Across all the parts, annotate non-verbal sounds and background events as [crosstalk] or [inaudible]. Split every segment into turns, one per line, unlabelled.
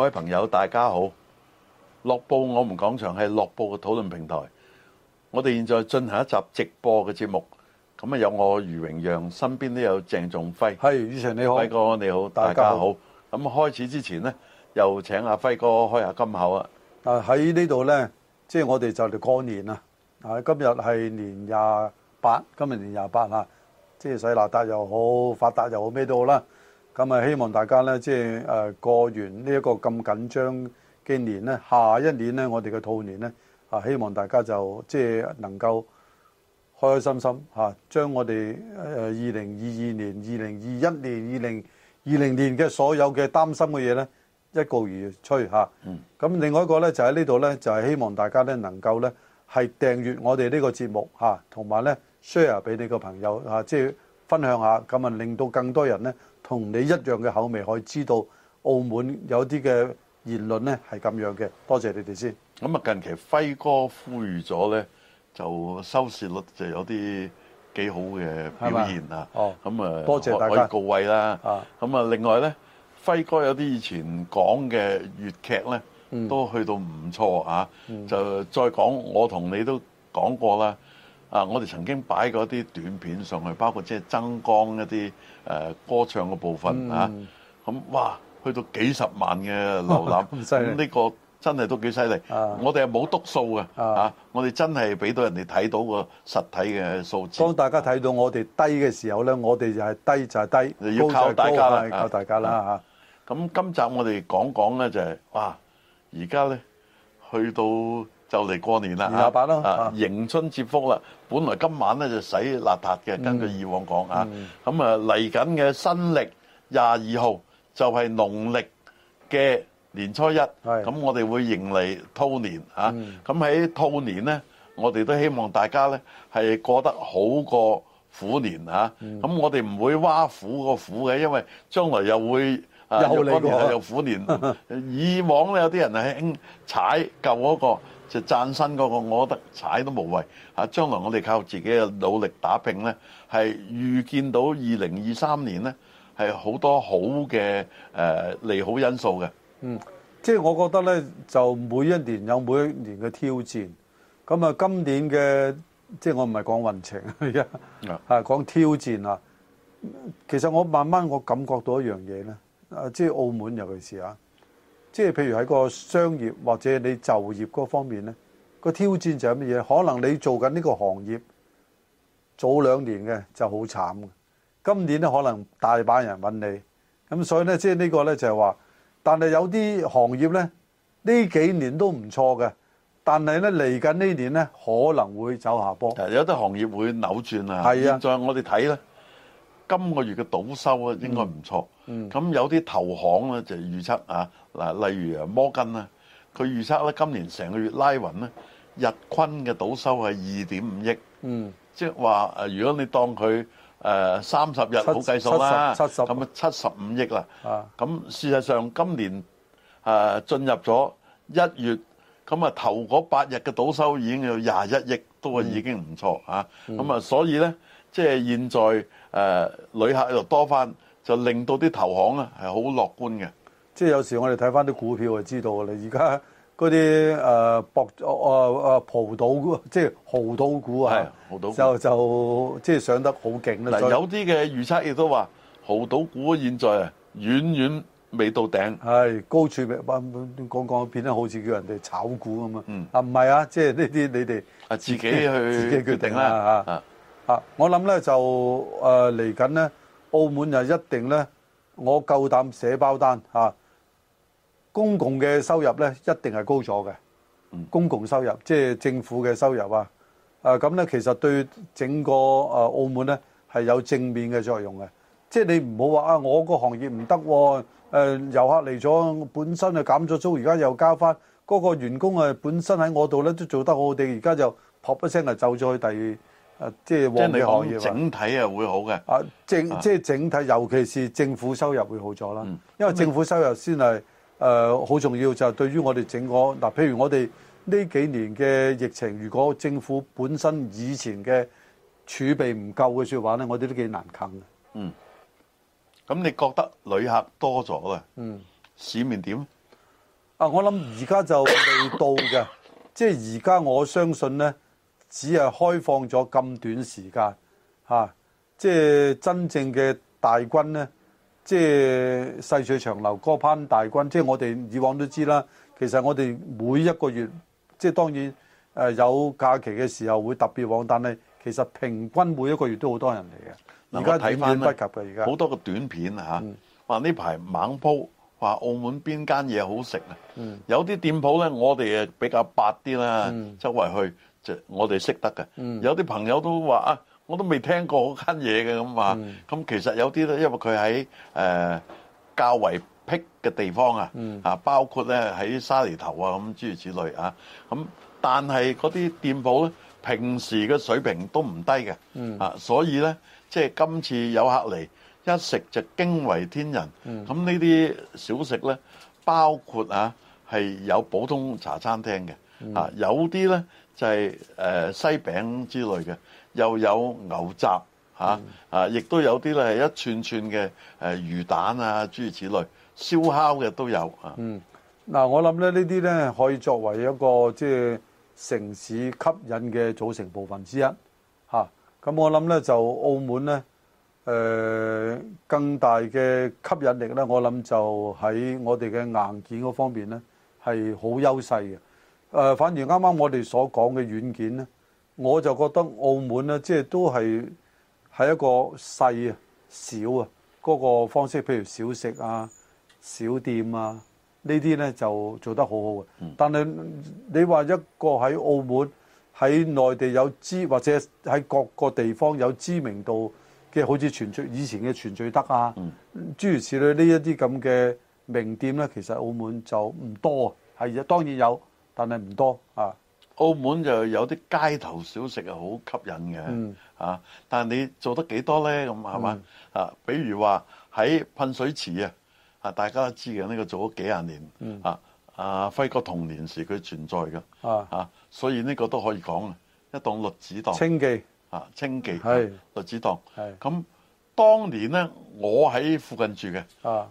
各位朋友，大家好！樂報我們講場係樂報嘅討論平台，我哋現在進行一集直播嘅節目。咁啊，有我余榮讓，身邊都有鄭仲輝。係，以上你好，輝哥你好，大家好。咁開始之前呢，又請阿輝哥開下
金口啊！啊，喺呢度呢，即係我哋就嚟過年啦。啊，今日係年廿八，今日年廿八啊，即係洗邋遢又好，發達又好，咩都好啦。咁啊，希望大家呢，即係誒過完呢一個咁緊張嘅年呢，下一年呢，我哋嘅兔年呢，啊，希望大家就即係能夠開開心心吓，將我哋誒二零二二年、二零二一年、二零二零年嘅所有嘅擔心嘅嘢呢一告而吹吓。嗯。咁另外一個呢，就喺呢度呢，就係希望大家呢，能夠呢，係訂閱我哋呢個節目吓，同埋呢 share 俾你個朋友吓，即係分享下，咁啊令到更多人呢。同你一樣嘅口味，可以知道澳門有啲嘅言論咧，係咁樣嘅，多謝你哋先。咁啊，近期輝哥呼籲咗咧，就收
視率就有啲幾好嘅表現啊。哦，咁啊那，多謝大家告慰啦。啊，咁啊，另外咧，輝哥有啲以前講嘅粵劇咧，都去到唔錯啊。嗯，就再講，我同你都講過啦。啊！我哋曾經擺過啲短片上去，包括即係增光一啲誒歌唱嘅部分啊咁、嗯嗯、哇，去到幾十萬嘅瀏覽，咁呢個真係都幾犀利。我哋係冇篤數嘅啊，啊我哋真係俾到人哋睇到個
實體嘅數字、啊。當大家睇到我哋低嘅時候咧，我哋就係低就係低，高就高啦。靠大家啦嚇！咁今集我哋講講咧就係、是、哇，
而家咧去到。就嚟過年啦，廿八啦，迎春接福啦。本來今晚咧就洗邋遢嘅，根據以往講嚇。咁啊嚟緊嘅新曆廿二號就係農曆嘅年初一，咁我哋會迎嚟兔年嚇。咁喺兔年咧，我哋都希望大家咧係過得好過虎年嚇。咁我哋唔會挖苦個虎嘅，因為將來又會又年又虎年。以往咧有啲人係興踩舊嗰個。就讚新嗰個，我覺得踩都無謂嚇。將來我哋靠自己嘅努力打拼，呢係預見到二零二三年呢係好多好嘅誒、呃、利好因素
嘅。嗯，即係我覺得呢，就每一年有每一年嘅挑戰。咁啊，今年嘅即係我唔係講運程啊，嚇、嗯、講挑戰啊。其實我慢慢我感覺到一樣嘢呢，即係澳門尤其係嚇。即係譬如喺個商業或者你就業嗰方面咧，呢個挑戰就係乜嘢？可能你做緊呢個行業，早兩年嘅就好慘，今年咧可能大把人揾你。咁所以咧，即係呢個咧就係話，但係有啲行業咧呢幾年都唔錯嘅，但係咧嚟緊呢年咧可能會走下坡。
有啲行業會扭轉啊！係啊，再我哋睇咧，今個月嘅倒收啊，應該唔錯。咁有啲投行咧就預測啊，嗱，例如啊摩根啊，佢預測咧、啊、今年成個月拉勻咧，日均嘅賭收係二點五億。嗯，即係話誒，如果你當佢誒三十日好計數啦，咁啊七十五億啦。啊，咁事實上今年誒、啊、進入咗一月，咁啊頭嗰八日嘅賭收已經有廿一億，都係已經唔錯啊。咁啊，所以咧，即係現在誒、呃、旅客又多翻。就令到啲投行啊，係好樂觀嘅。
即係有時我哋睇翻啲股票，就知道啦。而家嗰啲誒博誒誒破到即係豪賭股啊，啊豪股豪股就就即係上得好勁啦。來以有
啲嘅預測亦都話豪賭股現在遠遠未到頂。係
高處講講變得好似叫人哋炒股咁嘛。啊唔係啊，即係呢啲你哋啊自，自己去自己決定啦。啊啊，我諗咧就誒嚟緊咧。呃澳門就一定咧，我夠膽寫包單嚇。公共嘅收入咧，一定係高咗嘅。公共收入，即係政府嘅收入啊。啊咁咧，其實對整個啊澳門咧係有正面嘅作用嘅。即係你唔好話啊，我個行業唔得，誒遊客嚟咗，本身就減咗租，而家又交翻嗰個員工啊，本身喺我度咧都做得好地，而家就噗一聲就走咗去第。啊，即係黃嘅行業整
體啊會好嘅。啊，即係
整體，尤其是政府收入會好咗啦。嗯、因為政府收入先係誒好重要，就係、是、對於我哋整個嗱、呃，譬如我哋呢幾年嘅疫情，如果政府本身以前嘅儲備唔夠嘅說話咧，我哋都幾難啃嘅。嗯。咁你覺得旅客多咗啊？嗯。市面點？啊，我諗而家就未到嘅， [coughs] 即係而家我相信咧。只係開放咗咁短時間，嚇、啊！即係真正嘅大軍咧，即係細水長流嗰班大軍。即係我哋以往都知啦，其實我哋每一個月，即係當然誒有假期嘅時候會特別旺，但係其實平均每一個月都好多人嚟嘅。而家睇翻不及嘅，而家好在多個短片
嚇、啊，話呢排猛鋪話澳門邊間嘢好食啊！嗯、有啲店鋪咧，我哋誒比較白啲啦，嗯、周圍去。就我哋識得嘅，有啲朋友都話啊，我都未聽過嗰間嘢嘅咁話。咁其實有啲咧，因為佢喺誒較為僻嘅地方啊，啊包括咧喺沙梨頭啊咁諸如此類啊。咁但係嗰啲店鋪咧，平時嘅水平都唔低嘅啊，所以咧即係今次有客嚟一食就驚為天人。咁呢啲小食咧，包括啊係有普通茶餐廳嘅啊，有啲咧。就係誒西餅之類嘅，又有牛雜嚇，嗯、啊，亦都有啲咧係一串串嘅誒魚蛋
啊，諸如此類，燒烤嘅都有啊。嗯，嗱，我諗咧呢啲咧可以作為一個即係、就是、城市吸引嘅組成部分之一嚇。咁、啊、我諗咧就澳門咧誒、呃、更大嘅吸引力咧，我諗就喺我哋嘅硬件嗰方面咧係好優勢嘅。誒、呃，反而啱啱我哋所講嘅軟件咧，我就覺得澳門咧，即係都係係一個細啊、小啊、嗰個方式，譬如小食啊、小店啊呢啲咧就做得好好嘅。但係你話一個喺澳門喺內地有知或者喺各個地方有知名度嘅，好似全聚以前嘅全聚德啊，嗯、諸如此類呢一啲咁嘅名店咧，其實澳門就唔多啊，係，當然有。但係唔多啊！澳門就有啲街頭小食係好吸
引嘅啊！但係你做得幾多咧？咁係嘛啊？比如話喺噴水池啊，啊大家都知嘅呢個做咗幾廿年啊！阿輝哥童年時佢存在嘅啊，所以呢個都可以講啊，一檔栗子檔清記啊，清記係栗子檔係咁。當年咧，我喺附近住嘅，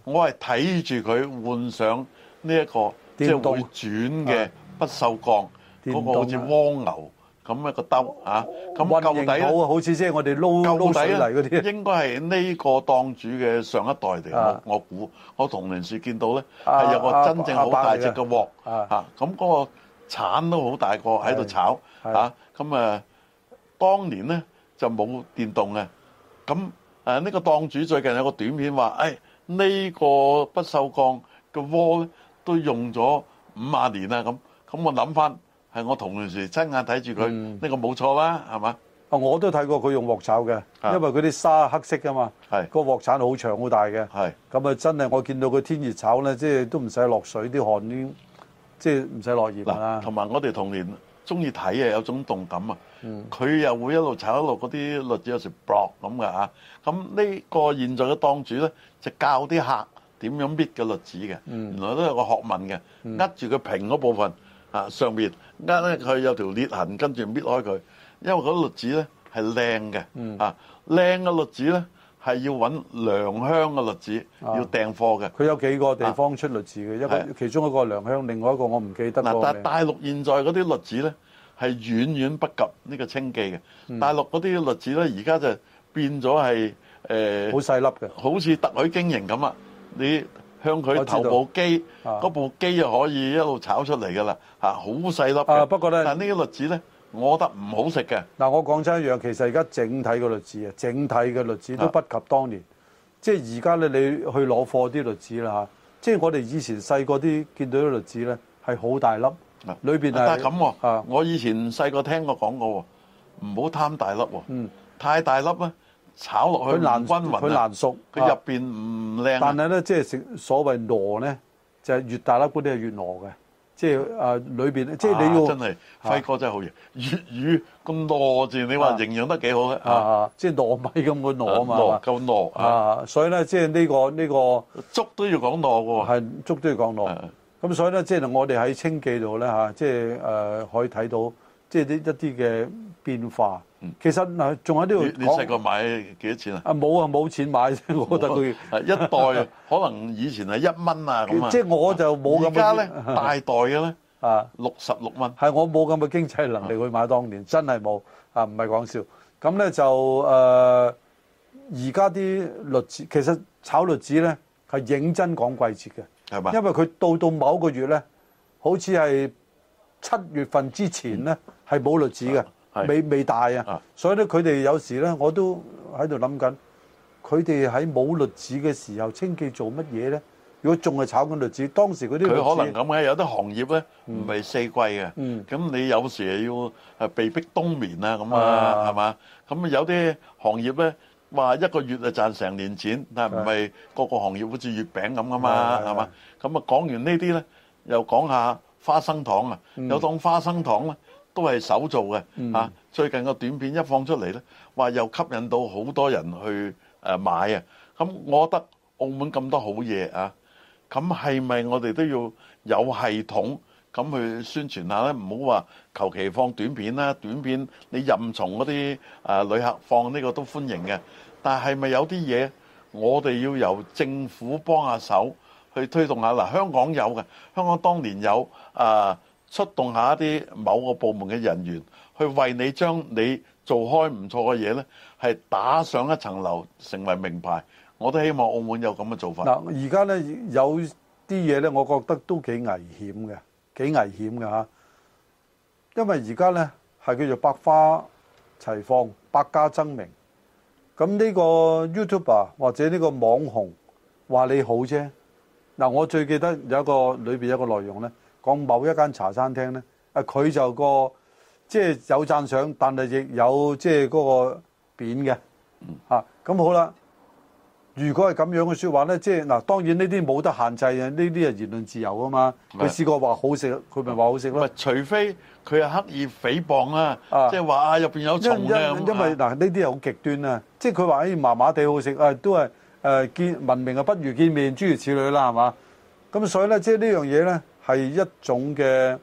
我係睇住佢換上呢一個即係會轉嘅。不鏽鋼、啊、個好似蝸牛咁一個兜嚇，咁舊底啊，底
好似即係我哋撈撈底，泥嗰啲，
應該係呢個檔主嘅上一代嚟、啊，我估，我童年時見到咧係、啊、有個真正好大隻嘅鑊嚇，咁嗰個鏟都好大個喺度炒嚇，咁啊，啊，當年咧就冇電動嘅，咁誒呢個檔主最近有個短片話，誒、哎、呢、呢個不鏽鋼嘅鍋咧都用咗五十年啦咁。咁我諗翻，係我童年時親眼睇住佢，呢個冇錯啦，係嘛？
啊，我都睇過佢用鑊炒嘅，因為佢啲沙黑色噶嘛，係個鑊鏟好長好大嘅，係咁啊！真係我見到佢天熱炒咧，即係都唔使落水啲汗，啲即係唔使落鹽啦。同埋我哋童年中意睇啊，有種動感啊，佢又會一
路炒一路嗰啲栗子有時爆咁嘅嚇，咁呢個現在嘅檔主咧就教啲客點樣搣嘅栗子嘅，原來都有個學問嘅，握住佢平嗰部分。啊！上面呃咧，佢有條裂痕，跟住搣開佢。因為嗰啲栗子咧係靚嘅，啊，靚嘅栗子咧係要搵良鄉嘅栗子，要訂貨嘅。佢有幾個地方出栗子嘅，一個，其中一個良鄉，另外一個我唔記得嗰個名。嗱，但係大陸現在嗰啲栗子咧係遠遠不及呢個清記嘅。大陸嗰啲栗子咧而家就變咗係誒，好細粒嘅，好似特許經營咁啊！你。向佢投部機，嗰部機就可以一路炒出嚟噶啦，好細、啊啊、粒、啊、不過呢但律呢啲栗子咧，我覺得唔好食嘅。
嗱、啊，我講真一樣，其實而家整體嘅栗子啊，整體嘅栗子都不及當年。啊、即係而家咧，你去攞貨啲栗子啦、啊、即係我哋以前細個啲見到啲栗子咧，係好大粒，裏邊係咁。我以前細個聽過講過，唔好貪
大粒、哦，嗯、太大粒啊！炒落去，佢難均勻，佢難熟，佢入邊唔
靚。但係咧，即係食所謂糯咧，就係越大粒菇啲係越糯嘅，即係誒裏邊，即係你要真係輝哥
真係好嘢，粵語咁糯字，你話營養得幾好嘅？啊，
即係糯米咁嘅糯啊嘛，夠糯啊，所以咧，即係呢個呢個粥都要講糯嘅喎，係粥都要講糯。咁所以咧，即係我哋喺清記度咧嚇，即係誒可以睇到，即係啲一啲嘅變化。其實嗱，仲喺呢度。你細個
買幾多錢啊？
啊，冇啊，冇錢買啫。我覺得佢一袋，
[laughs] 可能以前係一蚊啊咁即係我
就冇咁。而家咧，大袋嘅咧啊，六十六蚊。係我冇咁嘅經濟能力去買，當年真係冇啊，唔係講笑。咁咧就誒，而家啲栗子，其實炒栗子咧係認真講季節嘅，係嘛吧？因為佢到到某個月咧，好似係七月份之前咧係冇栗子嘅。未未大啊，所以咧佢哋有時咧，我都喺度諗緊，佢哋喺冇栗子嘅時候，清記做乜嘢咧？如果仲係炒緊栗子，當時嗰啲佢可能
咁嘅，有啲行業咧唔係四季嘅，咁你有時又要係被迫冬眠啊咁啊，係嘛？咁啊有啲行業咧話一個月啊賺成年錢，但係唔係個個行業好似月餅咁噶嘛，係嘛？咁啊講完呢啲咧，又講下花生糖啊，有當花生糖啦。都係手做嘅啊，最近個短片一放出嚟呢，話又吸引到好多人去誒買啊！咁我覺得澳門咁多好嘢啊，咁係咪我哋都要有系統咁去宣傳下咧？唔好話求其放短片啦，短片你任從嗰啲誒旅客放呢個都歡迎嘅，但係咪有啲嘢我哋要由政府幫下手去推動下嗱？香港有嘅，香港當年有啊。出動下一啲某個部門嘅人員，去為你將你做開唔錯嘅嘢呢，係打上一層樓，成為名牌。我都希望澳門有咁嘅做法。嗱，而
家呢，有啲嘢呢，我覺得都幾危險嘅，幾危險㗎。因為而家呢，係叫做百花齊放、百家爭鳴。咁呢個 YouTuber 或者呢個網紅話你好啫。嗱，我最記得有一個裏邊一個內容呢。講某一間茶餐廳咧，啊佢就個即係、就是、有讚賞，但係亦有即係嗰個扁嘅嚇。咁、嗯啊、好啦，如果係咁樣嘅説話咧，即係嗱，當然呢啲冇得限制嘅，呢啲係言論自由啊嘛。佢是試過話好食，佢咪話好食咯。除非佢係刻意誹謗啊，即係話啊入邊有蟲啊。因為嗱呢啲係好極端啊，即係佢話哎麻麻地好食啊，吃都係誒、呃、見聞名啊不如見面，諸如此類啦、啊，係嘛？咁所以咧，即、就、係、是、呢樣嘢咧。係一種嘅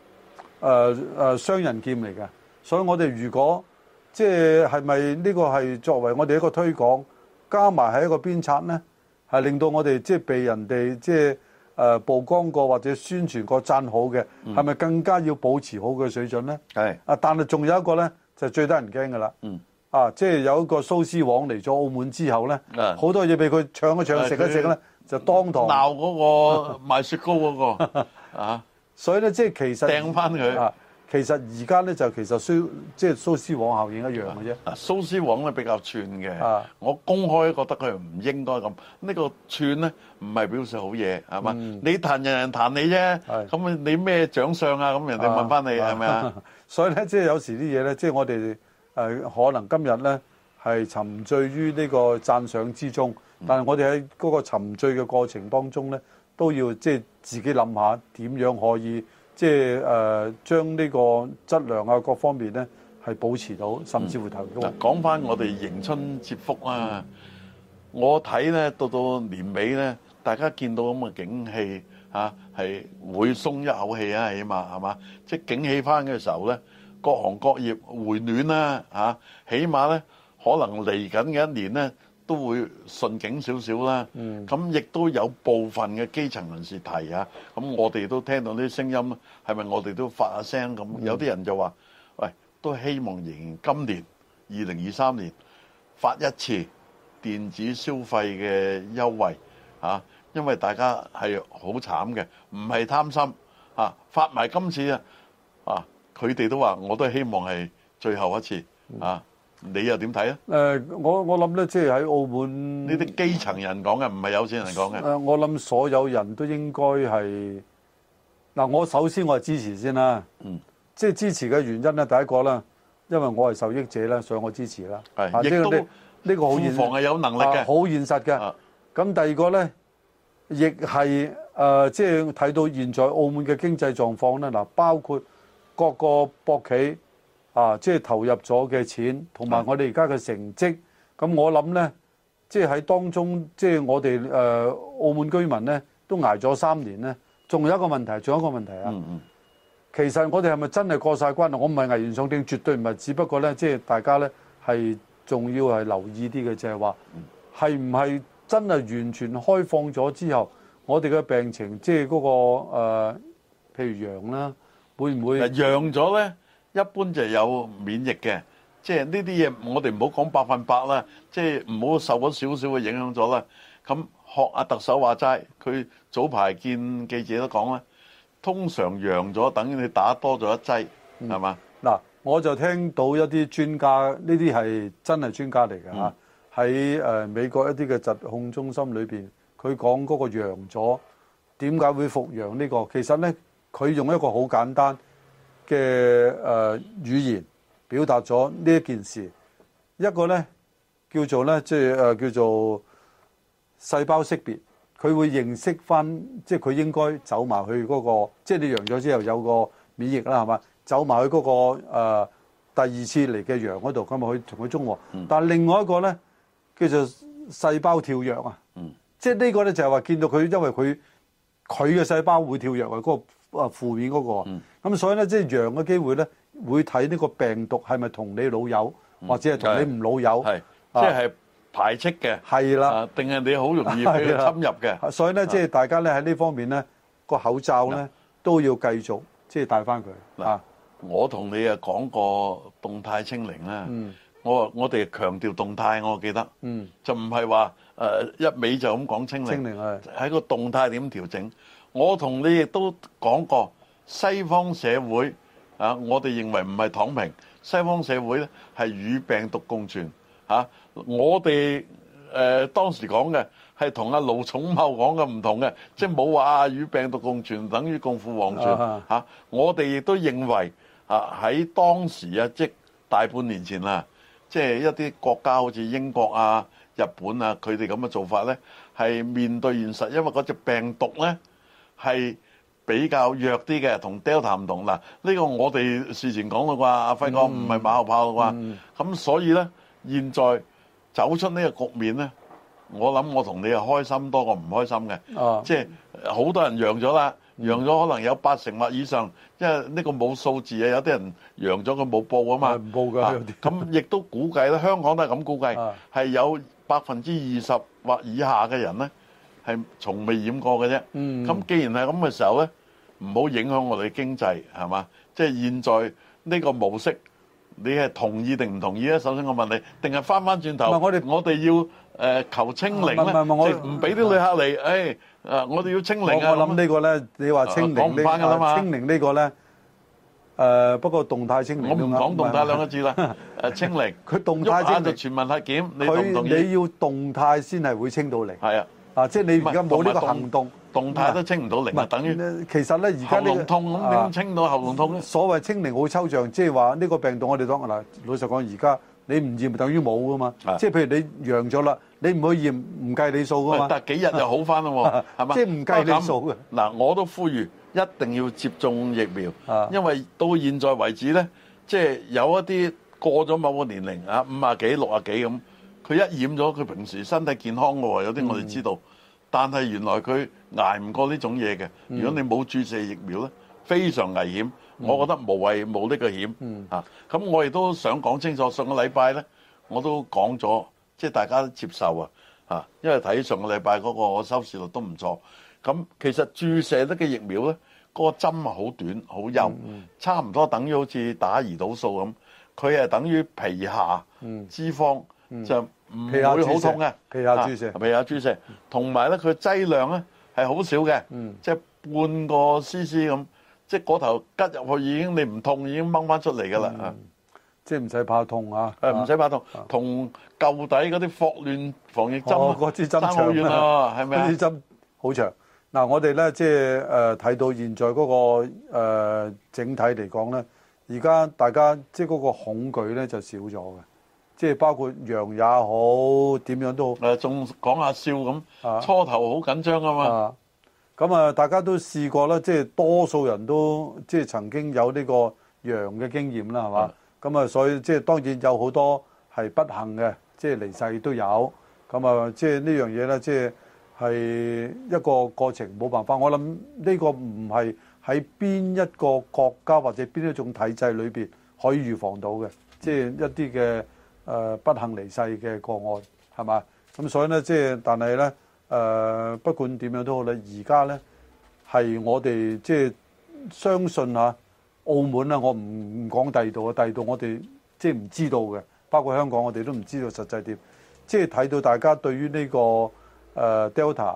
誒誒雙刃劍嚟嘅，所以我哋如果即係係咪呢個係作為我哋一個推廣，加埋係一個鞭策呢？係令到我哋即係被人哋即係誒、呃、曝光過或者宣傳過贊好嘅，係咪、嗯、更加要保持好嘅水準呢？係是啊，但係仲有一個咧，就最得人驚嘅啦。嗯啊，即係有一個蘇斯王嚟咗澳門之後咧，好是多嘢俾佢唱一唱、食是一食啦，他就當堂鬧嗰、那個賣雪糕嗰、那個。 [laughs] [laughs] 啊，所以咧，即係其實掟翻佢啊，其實而家咧就其實蘇即係蘇斯王效應一樣嘅啫、啊。
蘇斯王咧比較串嘅，啊、我公開覺得佢唔應該咁。這個、呢個串咧唔係表示好嘢，係嘛？嗯、你彈人人彈你啫，咁是你咩長相啊？咁人哋問翻你係咪啊？
吧所以咧，即係有時啲嘢咧，即係我哋誒可能今日咧係沉醉於呢個讚賞之中，但係我哋喺嗰個沉醉嘅過程當中咧。都要即係自己諗下點樣可以即係誒將呢個質量啊，各方面咧係保持到，甚至乎投到。
講翻我哋迎春接福啊、嗯我呢！我睇咧到到年尾咧，大家見到咁嘅景氣吓，係、啊、會鬆一口氣啊，起碼係嘛？即、就是、景氣翻嘅時候咧，各行各業回暖啦、啊、吓、啊、起碼咧可能嚟緊嘅一年咧。都會順境少少啦，咁亦都有部分嘅基層人士提啊，咁我哋都聽到啲聲音，係咪我哋都發下聲咁？有啲人就話：喂，都希望仍然今年二零二三年發一次電子消費嘅優惠啊，因為大家係好慘嘅，唔係貪心啊，發埋今次啊，啊，佢哋都話我都希望係最後一次啊。你又點睇啊？
呃、我我諗咧，即係喺澳門呢啲基層人講嘅，唔係有錢人講嘅、呃。我諗所有人都應該係嗱、呃，我首先我係支持先啦。嗯，即係支持嘅原因咧，第一個啦，因為我係受益者啦，所以我支持啦。係，亦都呢個好現房係有能力嘅，好、啊、現實嘅。咁、啊、第二個咧，亦係、呃、即係睇到現在澳門嘅經濟狀況咧，嗱，包括各個博企。啊！即係投入咗嘅錢，同埋我哋而家嘅成績。咁是的 我諗呢，即係喺當中，即係我哋誒、呃、澳門居民呢，都挨咗三年呢。仲有一個問題，仲有一個問題啊！嗯嗯，其實我哋係咪真係過晒關？我唔係危言聳聽，絕對唔係。只不過呢，即係大家呢，係仲要係留意啲嘅，就係話係唔係真係完全開放咗之後，我哋嘅病情即係嗰、那個、呃、譬如陽啦，會唔會陽
咗呢？一般就有免疫嘅，
即係呢啲嘢我
哋唔好講百分百啦，即係唔好受咗少少嘅影響咗啦。咁學阿特首話齋，佢早排見記者都講啦，通常陽咗等於
你打多咗一劑，係嘛？嗱，我就聽到一啲專家，呢啲係真係專家嚟嘅嚇，喺誒美國一啲嘅疾控中心裏邊，佢講嗰個陽咗點解會復陽呢個，其實咧佢用一個好簡單。嘅誒、呃、語言表達咗呢一件事，一個咧叫做咧即係誒叫做細胞識別，佢會認識翻即係佢應該走埋去嗰個，即係你陽咗之後有個免疫啦，係嘛？走埋去嗰個、呃、第二次嚟嘅陽嗰度，咁啊去同佢中和。但係另外一個咧叫做細胞跳躍啊，嗯、即係呢個咧就係話見到佢因為佢佢嘅細胞會跳躍啊嗰啊，負面嗰個，咁所以咧，即係陽嘅機會咧，會睇呢個病毒係咪同你老友，或者係同你唔老友，即係
排斥嘅，係啦，定係你好容易俾佢侵入嘅。所以咧，即係
大家咧喺呢方面咧，個口罩咧都要繼續即係戴翻佢。
嗱，我同你啊講過動態清零啦，我我哋強調動態，我記得，就唔係話誒一味就咁講清零，清零，係喺個動態點調整。我同你亦都講過，西方社會啊，我哋認為唔係躺平，西方社會咧係與病毒共存嚇。我哋誒當時講嘅係同阿盧寵茂講嘅唔同嘅，即係冇話啊與病毒共存等於共赴黃泉嚇。我哋亦都認為啊，喺當時啊，即係大半年前啦，即係一啲國家好似英國啊、日本啊，佢哋咁嘅做法咧，係面對現實，因為嗰隻病毒咧，係比較弱啲嘅，同 Delta 唔同嗱。呢個我哋事前講啦啩，阿輝哥唔係馬後炮啦啩。咁所以咧，現在走出呢個局面咧，我諗我同你係開心多過唔開心嘅。哦，即係好多人陽咗啦，陽咗可能有八成或以上，因為呢個冇數字啊。有啲人陽咗佢冇報啊嘛，唔報㗎。咁亦都估計啦，香港都係咁估計，係有百分之二十或以下嘅人咧。係從未染過嘅啫。咁既然係咁嘅時候咧，唔好影響我哋經濟，係嘛？即係現在呢個模式，你係同意定唔同意咧？首先我問你，定係翻翻轉頭？唔係我哋，我哋要誒求清零咧，即係唔俾啲旅客嚟。誒，我哋要清零啊！我諗呢個
咧，你話清零呢個清零呢個咧？誒，不過動態清零我唔講動態兩個字啦。誒，清零佢動態清零就全
民核檢，你同唔同意？你要
動態先係會清到零。係啊。啊！即係你而家冇呢個行
動動態都清唔到零，咪等於其
實咧，而家你喉嚨痛咁點清到喉嚨痛？所謂清零好抽象，即係話呢個病毒，我哋講嗱，老實講，而家你唔驗，等於冇噶嘛。即係譬如你陽咗啦，你唔去驗，唔計你數噶嘛。但係幾日又好翻咯，係嘛？即係唔計你數嘅。
嗱，我都呼籲一定要接種疫苗，因為到現在為止咧，即係有一啲過咗某個年齡啊，五啊幾六啊幾咁。佢一染咗，佢平時身體健康嘅喎，有啲我哋知道。嗯、但係原來佢捱唔過呢種嘢嘅。如果你冇注射疫苗呢，嗯、非常危險。嗯、我覺得無謂冇呢個險、嗯、啊。咁我亦都想講清楚。上個禮拜呢，我都講咗，即係大家都接受啊。啊，因為睇上個禮拜嗰個收視率都唔錯。咁、啊、其實注射得嘅疫苗嗰個針好短好幼，嗯嗯差唔多等於好似打胰島素咁。佢係等於皮下脂肪嗯嗯就。唔會好痛嘅，皮下注射，皮下注射，同埋咧佢劑量咧係好少嘅，嗯、即係半個 CC 咁，即係嗰頭拮入去已經你唔痛已經掹翻出嚟㗎啦，嗯啊、即係唔使怕痛啊！唔使怕痛，同、啊、舊底嗰啲霍亂防疫針嗰、哦、支針長啊，係咪啊？嗰支針
好長。嗱、啊、我哋咧即係睇、呃、到現在嗰、嗰個、呃、整體嚟講咧，而家大家即係嗰個恐懼咧就少咗嘅。即係包括羊也好，點樣都好。仲講下笑咁，啊、初頭好緊張啊嘛。咁啊，大家都試過啦，即係多數人都即係曾經有呢個羊嘅經驗啦，係嘛？咁啊，所以即係當然有好多係不幸嘅，即係離世都有。咁啊，即係呢樣嘢咧，即係係一個過程，冇辦法。我諗呢個唔係喺邊一個國家或者邊一種體制裏邊可以預防到嘅，即係、嗯、一啲嘅。誒不幸離世嘅個案係嘛，咁所以咧即係，但係咧誒，不管點樣都好咧。而家咧係我哋即係相信嚇、啊、澳門啦，我唔講第二度啊，第二度我哋即係唔知道嘅，包括香港我哋都唔知道實際點。即係睇到大家對於呢個誒 Delta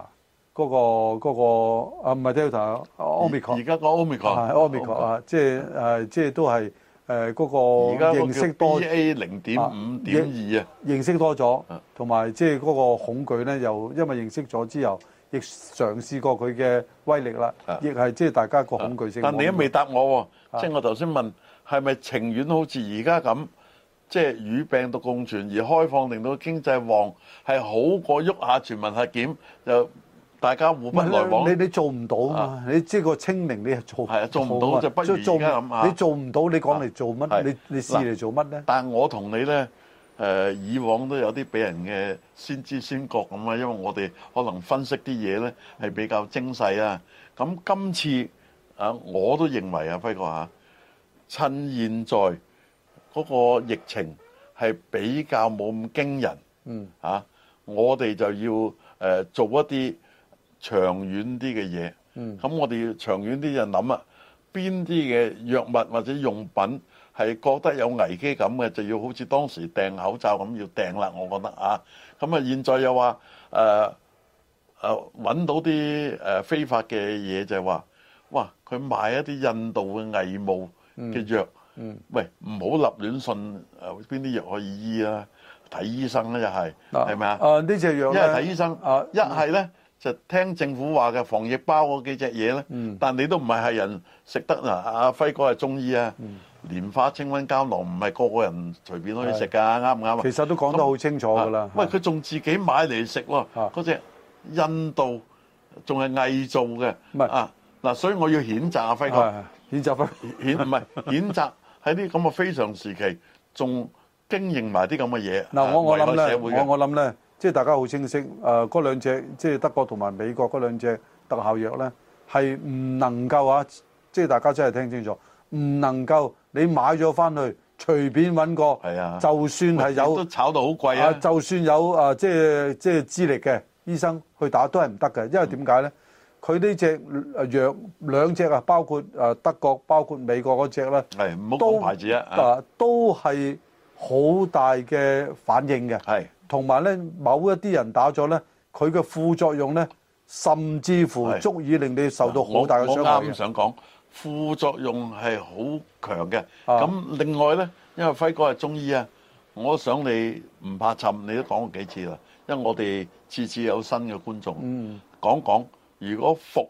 嗰個嗰個啊、嗯，唔係 Delta，奧而家個奧密克係奧密克啊，即係誒，即係都係。誒嗰、呃嗰個認識多 BA
零點五點二啊！
認識多咗，同埋即係嗰個恐懼咧，又因為認識咗之後，亦嘗試過佢嘅威力啦，亦係即係大家個恐懼性、啊。但你都未答
我喎、啊，即係、啊、我頭先問係咪情願好似而家咁，即、就、係、是、與病毒共存而開放，令到經濟旺，係好過喐下全民核檢就大家互不來往不。你
你做唔到嘛？是啊、你即係個清明，你係做？係啊，做唔到就不如而你做唔到，你講嚟做乜？你是、啊、你試嚟
做乜咧是、啊？但係我同你咧，誒以往都有啲俾人嘅先知先覺咁啊，因為我哋可能分析啲嘢咧係比較精細啊。咁今次啊，我都認為啊，輝哥嚇、啊，趁現在嗰、那個疫情係比較冇咁驚人，嗯啊，我哋就要誒、呃、做一啲長遠啲嘅嘢，咁我哋要長遠啲就諗啊，邊啲嘅藥物或者用品係覺得有危機感嘅，就要好似當時訂口罩咁要訂啦。我覺得啊，咁啊，現在又話誒誒揾到啲誒非法嘅嘢就係話，哇！佢賣一啲印度嘅偽冒嘅藥，嗯嗯、喂，唔好立亂信誒邊啲藥可以醫啊，睇醫生啊，係咪啊？睇醫生啦，又係係咪啊？呢隻藥呢隻藥，一係睇醫生，一係咧。嗯就聽政府話嘅防疫包嗰幾隻嘢咧，但你都唔係係人食得嗱。阿輝哥係中醫啊，蓮花清瘟膠囊唔係個個人隨便可以食噶，啱唔啱啊？其實都講得好
清楚㗎啦。
喂，佢仲自己買嚟食喎，嗰隻印度仲係偽造嘅。唔係啊，嗱，所以我要譴責阿輝哥。譴責輝？唔係譴責，喺啲咁嘅非常時期，仲經營埋啲咁嘅嘢。
嗱，我我諗咧，我我諗咧。即係大家好清晰，誒嗰兩隻，即係德國同埋美國嗰兩隻特效藥咧，係唔能夠啊！即係大家真係聽清楚，唔能夠你買咗翻去，隨便搵個，啊、就算係有都
炒到好貴啊！
就算有誒，即係即係資歷嘅醫生去打都係唔得嘅，因為點解咧？佢呢隻藥兩隻啊，包括誒德國、包括美國嗰隻啦，係唔好講牌子都啊，都係好大嘅反應嘅，係。同埋咧，某一啲人打咗咧，佢嘅副作用咧，甚至乎足以令你受到好大嘅傷害。我,我剛剛想
講，副作用係好強嘅。咁另外咧，因為輝哥係中醫啊，我想你唔怕沉，你都講過幾次啦。因為我哋次次有新嘅觀眾嗯講
講如果
服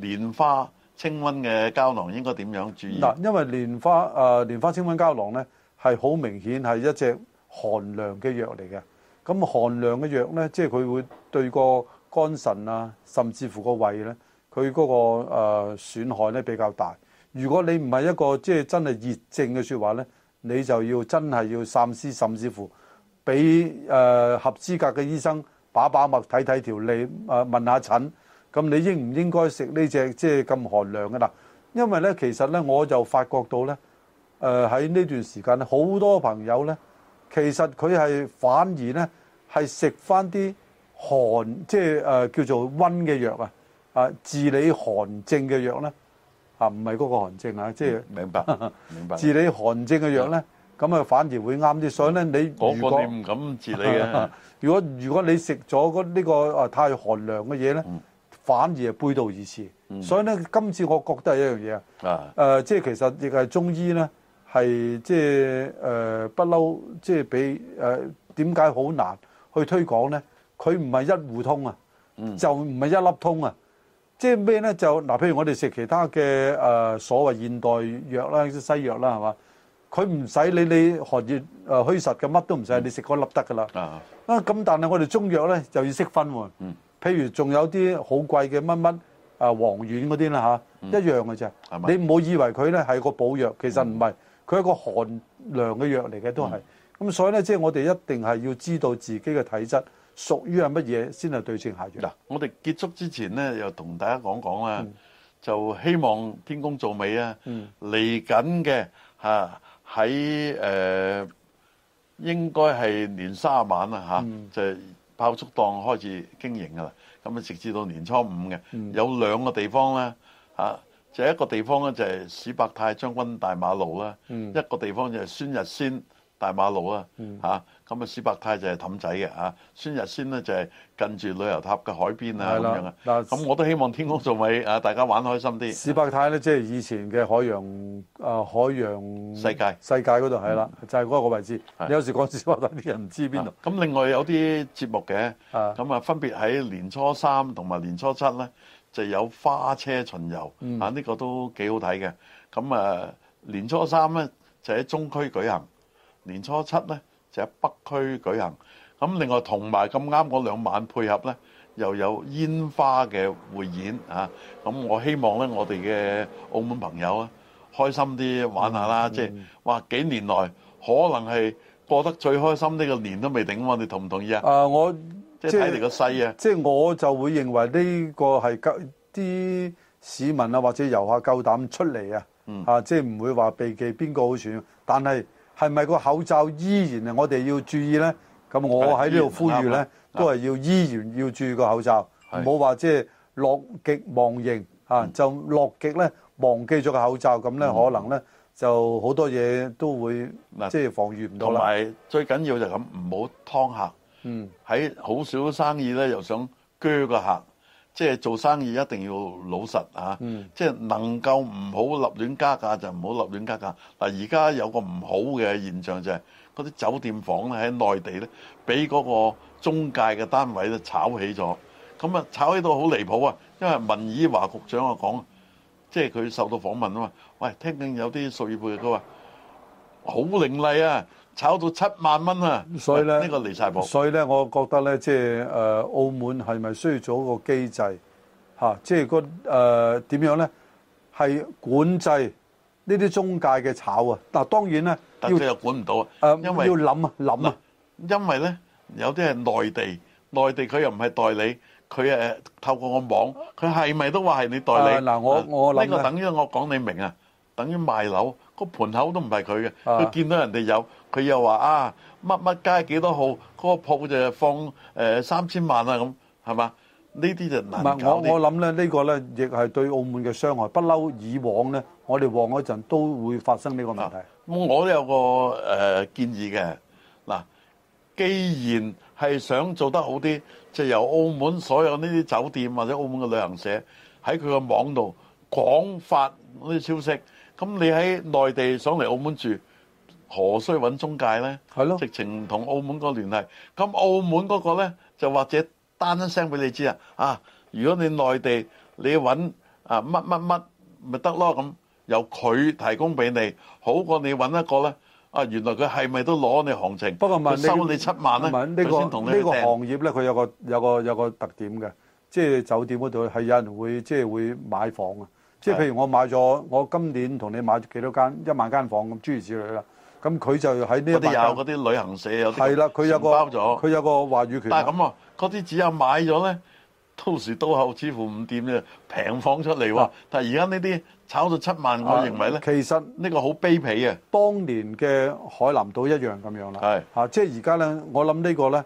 蓮花清瘟嘅膠囊應該點樣注意？
嗱、嗯，因為蓮花誒、呃、蓮花清瘟膠囊咧係好明顯係一隻寒涼嘅藥嚟嘅。咁寒涼嘅藥呢，即係佢會對個肝腎啊，甚至乎個胃呢，佢嗰、那個誒、呃、損害呢比較大。如果你唔係一個即係真係熱症嘅說話呢，你就要真係要三思，甚至乎俾誒、呃、合資格嘅醫生把把脈，睇睇條脷，誒、呃、問下診。咁你應唔應該食呢隻即係咁寒涼嘅啦？因為呢，其實呢，我就發覺到呢，誒喺呢段時間好多朋友呢，其實佢係反而呢。係食翻啲寒，即係誒、呃、叫做温嘅藥啊！啊，治理寒症嘅藥咧，啊唔係嗰個寒症啊，即係明白，明白。治理寒症嘅藥咧，咁啊、嗯、反而會啱啲。嗯、所以咧，你我我唔敢治理嘅。如果如果你食咗嗰呢個太寒涼嘅嘢咧，反而係背道而馳。嗯、所以咧，今次我覺得係一樣嘢啊。即係其實亦係中醫咧，係即係誒不嬲，即係俾誒點解好難？去推廣咧，佢唔係一戶通啊，嗯、就唔係一粒通啊。即係咩咧？就嗱，譬如我哋食其他嘅誒、呃、所謂現代藥啦、西藥啦，係嘛？佢唔使你你寒熱誒虛實嘅乜都唔使，嗯、你食嗰粒得噶啦。啊咁，啊但係我哋中藥咧就要識分喎、啊。嗯、譬如仲有啲好貴嘅乜乜誒黃丸嗰啲啦嚇，啊嗯、一樣嘅啫。係嘛？你唔好以為佢咧係個補藥，其實唔係，佢係、嗯、個寒涼嘅藥嚟嘅都係。嗯咁所以咧，即係我哋一定係要知道自己嘅體質屬於係乜嘢，先係對症下藥。嗱，我哋結束之前咧，又同大家講講啦，就希望天公造美啊！嚟
緊嘅嚇喺誒，應該係年卅晚啦嚇，就爆竹檔開始經營噶啦。咁啊，直至到年初五嘅有兩個地方咧嚇，就一個地方咧就係史伯泰將軍大馬路啦，一個地方就係孫逸仙。大馬路啊，咁啊，史伯泰就係氹仔嘅嚇，孫逸仙呢，就係近住旅遊塔嘅海邊啊，咁樣啊。咁我都希望天公作美啊，大家玩開心啲。史
伯泰咧，即係以前嘅海洋啊，海洋世界世界嗰度係啦，就係嗰個位置。有時講史伯泰啲人唔
知邊度。咁另外有啲節目嘅咁啊，分別喺年初三同埋年初七咧，就有花車巡遊啊，呢個都幾好睇嘅。咁啊，年初三咧就喺中區舉行。年初七咧就喺北區舉行，咁另外同埋咁啱嗰兩晚配合咧又有煙花嘅匯演啊！咁我希望咧我哋嘅澳門朋友啊，開心啲玩下啦，即係哇幾年來可能係過得最開心呢個年都未定喎！你同唔同意啊？啊，我即係睇嚟個勢啊！
即係我就會認為呢個係夠啲市民啊，或者遊客夠膽出嚟啊！嗯啊，即係唔會話避忌邊個好選，但係。係咪個口罩依然啊？我哋要注意咧。咁我喺呢度呼籲咧，都係要依然要注意個口罩，唔好話即係樂極忘形啊！就樂極咧，忘記咗個口罩，咁咧可能咧就好多嘢都會即係防禦唔到，嗯。同埋
最緊要就係咁，唔好劏客。嗯，喺好少生意咧，又想鋸個客。即係做生意一定要老實啊！即係能夠唔好立亂加價就唔好立亂加價。嗱，而家有個唔好嘅現象就係嗰啲酒店房咧喺內地咧，俾嗰個中介嘅單位咧炒起咗。咁啊炒起到好離譜啊！因為文以華局長啊講，即係佢受到訪問啊嘛。喂，聽見有啲數字背，佢話
好凌厲啊！炒到七萬蚊啊！所以咧，呢個離曬譜。所以咧，我覺得咧，即係誒澳門係咪需要做一個機制嚇？即係個誒點樣咧？係管制呢啲中介嘅炒啊！嗱，當然咧，但係又
管唔到啊。誒，要諗
啊，諗嗱，因為咧
有啲係內地，內地佢又唔係代理，佢誒透過個網，佢係咪都話係你代理？啊，嗱，我我諗咧，呢個等於我講你明啊，等於賣樓個盤口都唔係佢嘅，佢見到人哋有。佢又話啊乜乜街幾多號嗰，那個鋪就放誒，呃、三千萬啦，咁係嘛？呢啲就難搞，我我諗
咧呢，這個咧亦係對澳門嘅傷害。不嬲以往咧，我哋旺嗰陣都會發生呢個問題。
咁、啊、我都有個誒、呃、建議嘅嗱，啊，既然係想做得好啲，就由澳門所有呢啲酒店或者澳門嘅旅行社喺佢個網度廣發啲消息。咁你喺內地想嚟澳門住？何須揾中介咧？係咯，是的 直情同澳門個聯繫。咁澳門嗰個咧，就或者單一聲俾你知啊！啊，如果你內地你揾啊乜乜乜咪得咯咁，由佢提供俾你，好過你揾一個咧。啊，原來佢係咪都攞你行情？不過問你收你
七萬呢問、呢個呢個行業咧，佢有個有個有個特點嘅，即係酒店嗰度係有人會即係會買房啊。即係譬如我買咗，是的 我今年同你買幾多間一萬間房咁諸如此類啦。咁佢就喺呢度啲有嗰
啲旅行社有啲承包咗，佢有個話語權。但係咁啊，嗰啲只有買咗咧，到時到後似乎唔掂咧，平房出嚟喎。但係而家呢啲炒到七萬，我認為咧，啊、其
實呢個好卑鄙啊！當年嘅海南島一樣咁樣啦，嚇，即係而家咧，我諗呢個咧，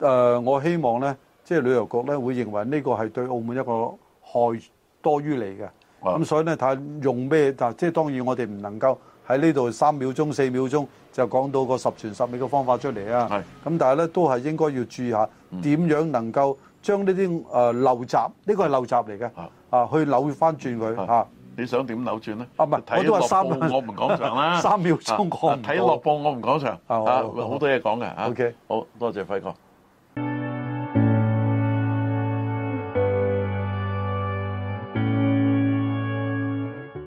誒，我希望咧，即係旅遊局咧會認為呢個係對澳門一個害多於利嘅。咁所以咧，睇下用咩？但係即係當然，我哋唔能夠。喺呢度三秒鐘四秒鐘就講到個十全十美嘅方法出嚟啊！咁但係咧都係應該要注意下點樣能夠將呢啲誒陋習，呢個係陋習嚟嘅啊，去扭翻轉佢嚇。你想點扭轉咧？啊唔係，我都話三秒，我唔講場啦。三秒鐘講唔到。睇落幕我
唔講場啊，好多嘢講嘅嚇。OK，好多謝輝哥。